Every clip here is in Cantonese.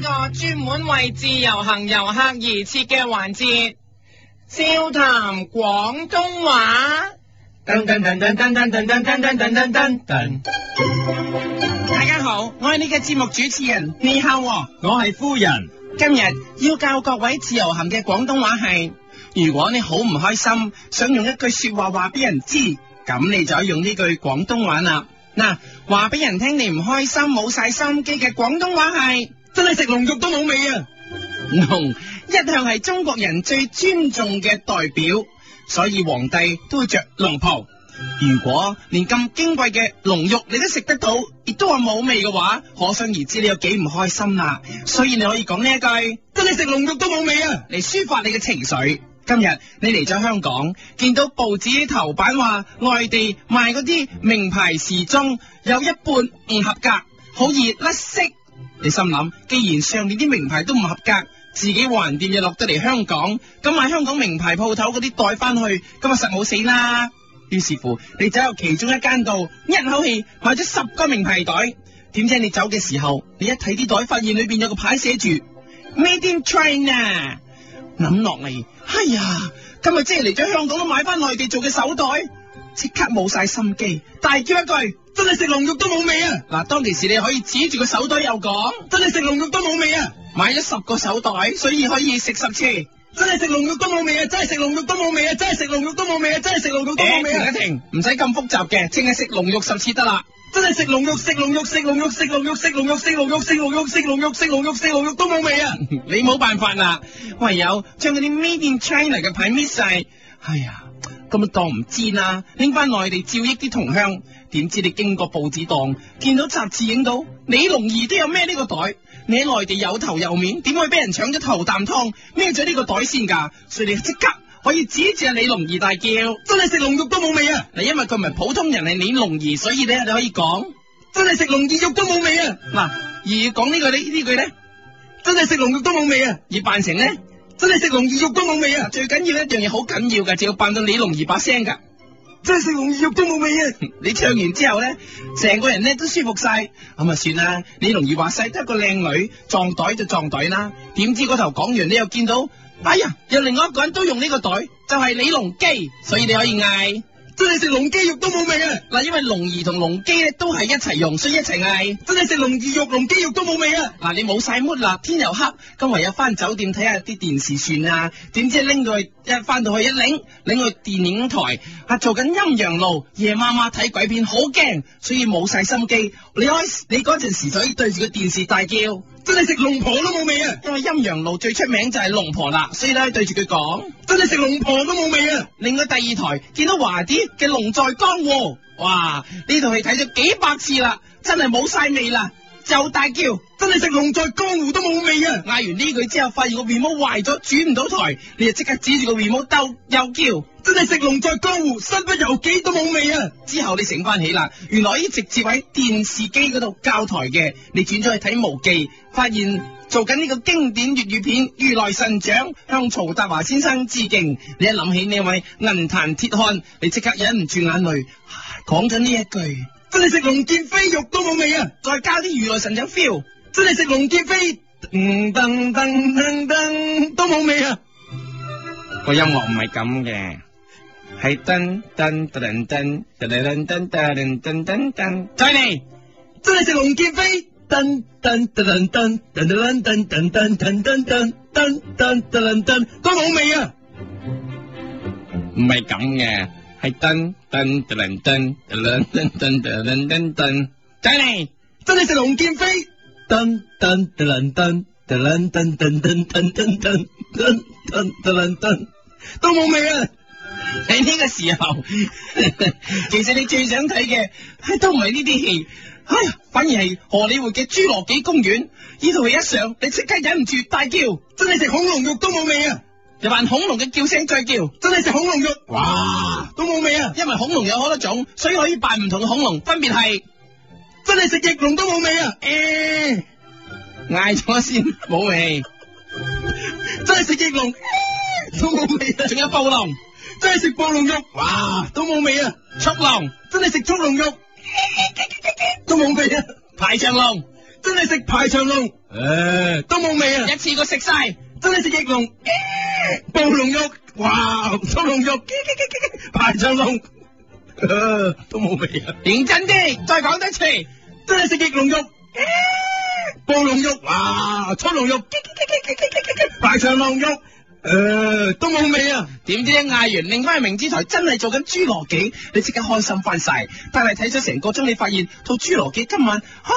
個專門為自由行遊客而設嘅環節，笑談廣東話。大家好，我係呢個節目主持人，你好哦。我係夫人，今日要教各位自由行嘅廣東話係。如果你好唔開心，想用一句說話話俾人知，咁你就用呢句廣東話啦。嗱，話俾人聽你唔開心，冇晒心機嘅廣東話係。真係食龍肉都冇味啊！龍一向係中國人最尊重嘅代表，所以皇帝都會着龍袍。如果連咁矜貴嘅龍肉你都食得到，亦都話冇味嘅話，可想而知你有幾唔開心啊！所以你可以講呢一句，真係食龍肉都冇味啊，嚟抒發你嘅情緒。今日你嚟咗香港，見到報紙頭版話，外地賣嗰啲名牌時裝有一半唔合格，好易甩色。你心諗，既然上面啲名牌都唔合格，自己橫掂就落得嚟香港，咁買香港名牌鋪頭嗰啲袋翻去，咁啊實冇死啦。於是乎，你走入其中一間度，一口氣買咗十個名牌袋。點知你走嘅時候，你一睇啲袋，發現裏邊有個牌寫住 Made in China 啊。諗落嚟，哎呀，今日即係嚟咗香港都買翻內地做嘅手袋，即刻冇晒心機，大叫一句。真係食龍肉都冇味啊！嗱，當其時你可以指住個手袋又講，真係食龍肉都冇味啊！買咗十個手袋，所以可以食十次。真係食龍肉都冇味啊！真係食龍肉都冇味啊！真係食龍肉都冇味啊！真係食龍肉都冇味啊！停一停，唔使咁複雜嘅，淨係食龍肉十次得啦。真係食龍肉，食龍肉，食龍肉，食龍肉，食龍肉，食龍肉，食龍肉，食龍肉，食龍肉，食龍肉都冇味啊！你冇辦法啦，唯有將嗰啲 medium china 嘅牌搣晒。哎呀！咁咪當唔知啦，拎翻內地照益啲同鄉。點知你經過報紙檔，見到雜誌影到李龍兒都有孭呢個袋，你喺內地有頭有面，點會俾人搶咗頭啖湯，孭咗呢個袋先噶？所以你即刻可以指住阿李龍兒大叫，真係食龍肉都冇味啊！嗱，因為佢唔係普通人，係李龍兒，所以咧你可以講，真係食龍兒肉都冇味啊！嗱，而講呢個呢呢句咧，真係食龍肉都冇味啊！而扮、啊、成咧。真係食龍兒肉都冇味啊！最緊要一樣嘢好緊要噶，就要扮到李龍兒把聲噶。真係食龍兒肉都冇味啊！ 你唱完之後咧，成個人咧都舒服晒。咁啊算啦，李龍兒話晒得個靚女撞袋就撞袋啦。點知嗰頭講完，你又見到，哎呀，又另外一個人都用呢個袋，就係、是、李龍基，所以你可以嗌。真係你食龍肌肉都冇味啊！嗱，因為龍兒同龍基咧都係一齊用，所以一齊嗌。真係食龍兒肉、龍肌肉都冇味啊！嗱，你冇晒 mood 啦，天又黑，咁唯有翻酒店睇下啲電視算啊，點知拎到去一翻到去一擰，擰去電影台，啊做緊陰陽路，夜媽麻睇鬼片好驚，所以冇晒心機。你開你嗰陣時就可以對住個電視大叫。真係食龍婆都冇味啊！因為陰陽路最出名就係龍婆啦，所以呢對住佢講，真係食龍婆都冇味啊！ 另外第二台見到華仔嘅《龍在江湖》哦，哇！呢套戲睇咗幾百次啦，真係冇晒味啦。又大叫，真係食龍在江湖都冇味啊！嗌完呢句之後，發現個 remote 壞咗，轉唔到台，你就即刻指住個 remote，兜又叫，真係食龍在江湖身不由己都冇味啊！之後你醒翻起啦，原來一直接喺電視機嗰度校台嘅，你轉咗去睇《無記》，發現做緊呢個經典粵語片《如來神掌》，向曹達華先生致敬。你一諗起呢位銀壇鐵漢，你即刻忍唔住眼淚，講咗呢一句。真係食龍劍飛肉都冇味啊！再加啲如來神掌 feel，真係食龍劍飛噔噔噔噔，都冇味啊！個音樂唔係咁嘅，係噔噔噔噔噔噔噔噔噔，再嚟，真係食龍劍飛噔噔噔噔噔噔噔噔噔噔噔噔噔噔噔噔都冇味啊！唔係咁嘅。係噔噔噔噔噔噔噔噔噔噔，仔嚟是，真係食龍劍飛，噔噔噔噔噔噔噔噔噔噔噔噔噔噔噔，都冇味啊！喺呢個時候，其實你最想睇嘅，係都唔係呢啲戲，哎，反而係荷里活嘅侏羅紀公園，呢套戲一上，你即刻忍唔住大叫，真係食恐龍肉都冇味啊！又扮恐龍嘅叫聲再叫，真係食恐龍肉，哇，都冇味啊！因為恐龍有好多種，所以可以扮唔同嘅恐龍，分別係真係食翼龍都冇味啊！誒，嗌咗先，冇味，真係食翼龍都冇味啊！仲有暴龍，真係食暴龍肉，哇，都冇味啊！速龍，真係食速龍肉，都冇味啊！排長龍，真係食排長龍，誒，都冇味啊！一次過食晒。真係食翼龍，哎，暴龍肉，哇，暴龍肉嘯嘯嘯嘯嘯，排長龍，啊，都冇味啊！認真啲，再講多次，真係食翼龍肉，啊，暴龍肉，哇，暴龍肉嘯嘯嘯嘯嘯嘯嘯嘯，排長龍肉，誒，啊，都冇味啊！點知一嗌完，另外明珠台真係做緊侏羅紀，你即刻開心翻晒，但係睇咗成個鐘，你發現套侏羅紀今晚吓。啊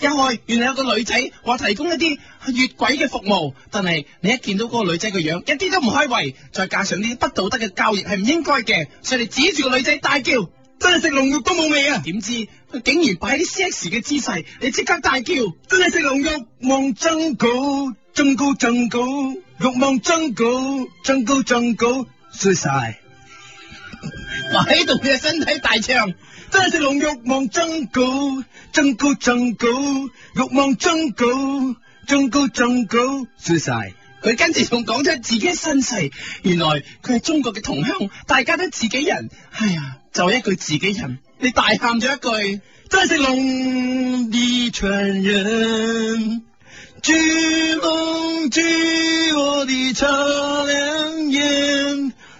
因為，原來有個女仔話提供一啲越軌嘅服務，但係你一見到嗰個女仔嘅樣，一啲都唔開懷。再加上啲不道德嘅交易係唔應該嘅，所以指住個女仔大叫，真係食龍肉都冇味啊！點知佢竟然擺啲 C X 嘅姿勢，你即刻大叫，真係食龍肉，慾望增高，增高增高，慾望增高，增高增高，衰晒，話喺度嘅身體大唱。真係食龍欲望增高，增高增高，欲望增高，增高增高。謝晒，佢光跟住仲講出自己身世，原來佢係中國嘅同鄉，大家都自己人。哎呀，就一句自己人，你大喊咗一句，真係食龍的傳人，巨龍巨我哋照亮眼。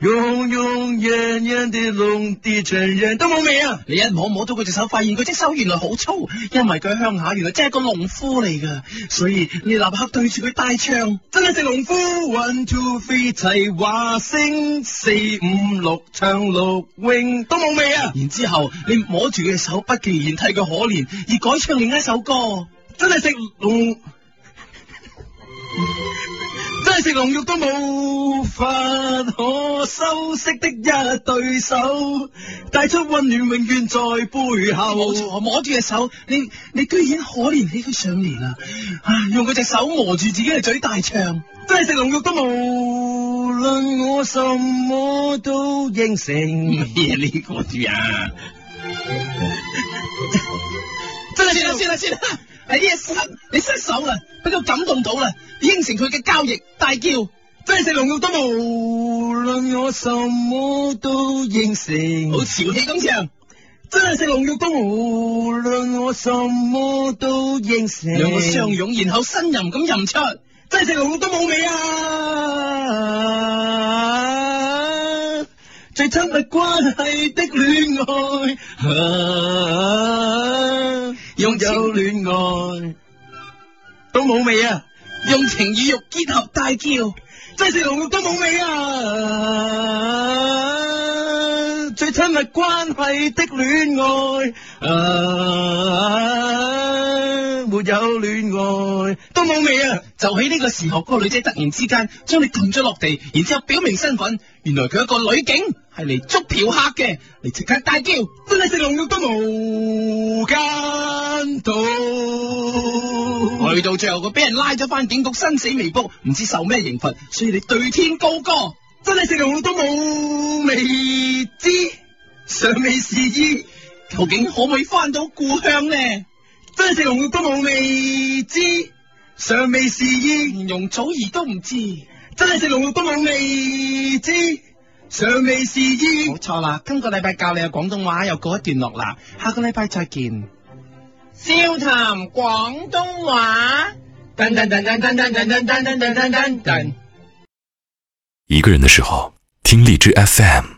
用用樣樣啲農啲唱，人都冇味啊！你一摸摸到佢隻手，發現佢隻手原來好粗，因為佢鄉下原來真係個農夫嚟㗎，所以你立刻對住佢大唱，真係食農夫。One two three 齊話聲四五六唱六永都冇味啊！然之後你摸住佢嘅手，不期然睇佢可憐，而改唱另一首歌，真係食龍。龍肉都冇法可修飾的一對手，帶出溫暖永遠在背後。我摸住隻手，你你居然可憐起佢上面啦？唉、啊，用佢隻手磨住自己嘅嘴大腸，真係食龍肉都冇。無論我什麼都應承。咩呢 個豬啊？ 真係算啦算啦算啦！ 算喺呢一刻，你失手啦，俾佢感動到啦，應承佢嘅交易，大叫：真係食龍肉都無論我什麼都應承，好潮氣咁唱，真係食龍肉都無論我什麼都應承，兩個相擁，然後呻吟咁吟出，真係食龍肉都冇味啊，最親密關係的戀愛。有戀愛都冇味啊，用情與欲結合大叫，真食龍肉都冇味啊！最親密關係的戀愛啊，啊！沒有戀愛都冇味啊！就喺呢個時候，嗰個女仔突然之間將你撳咗落地，然之後表明身份，原來佢一個女警，係嚟捉嫖客嘅，你即刻大叫，真係食龍肉都冇間到。去到最後，佢俾人拉咗翻警局，生死未卜，唔知受咩刑罰，所以你對天高歌。真係食龍肉都冇未知，尚未試衣，究竟可唔可以翻到故鄉呢？真係食龍肉都冇未知，尚未試衣，容祖兒都唔知，真係食龍肉都冇未知，尚未試衣。冇錯啦，今個禮拜教你嘅廣東話又告一段落啦，下個禮拜再見。笑談廣東話。一個人的時候，聽荔枝 FM。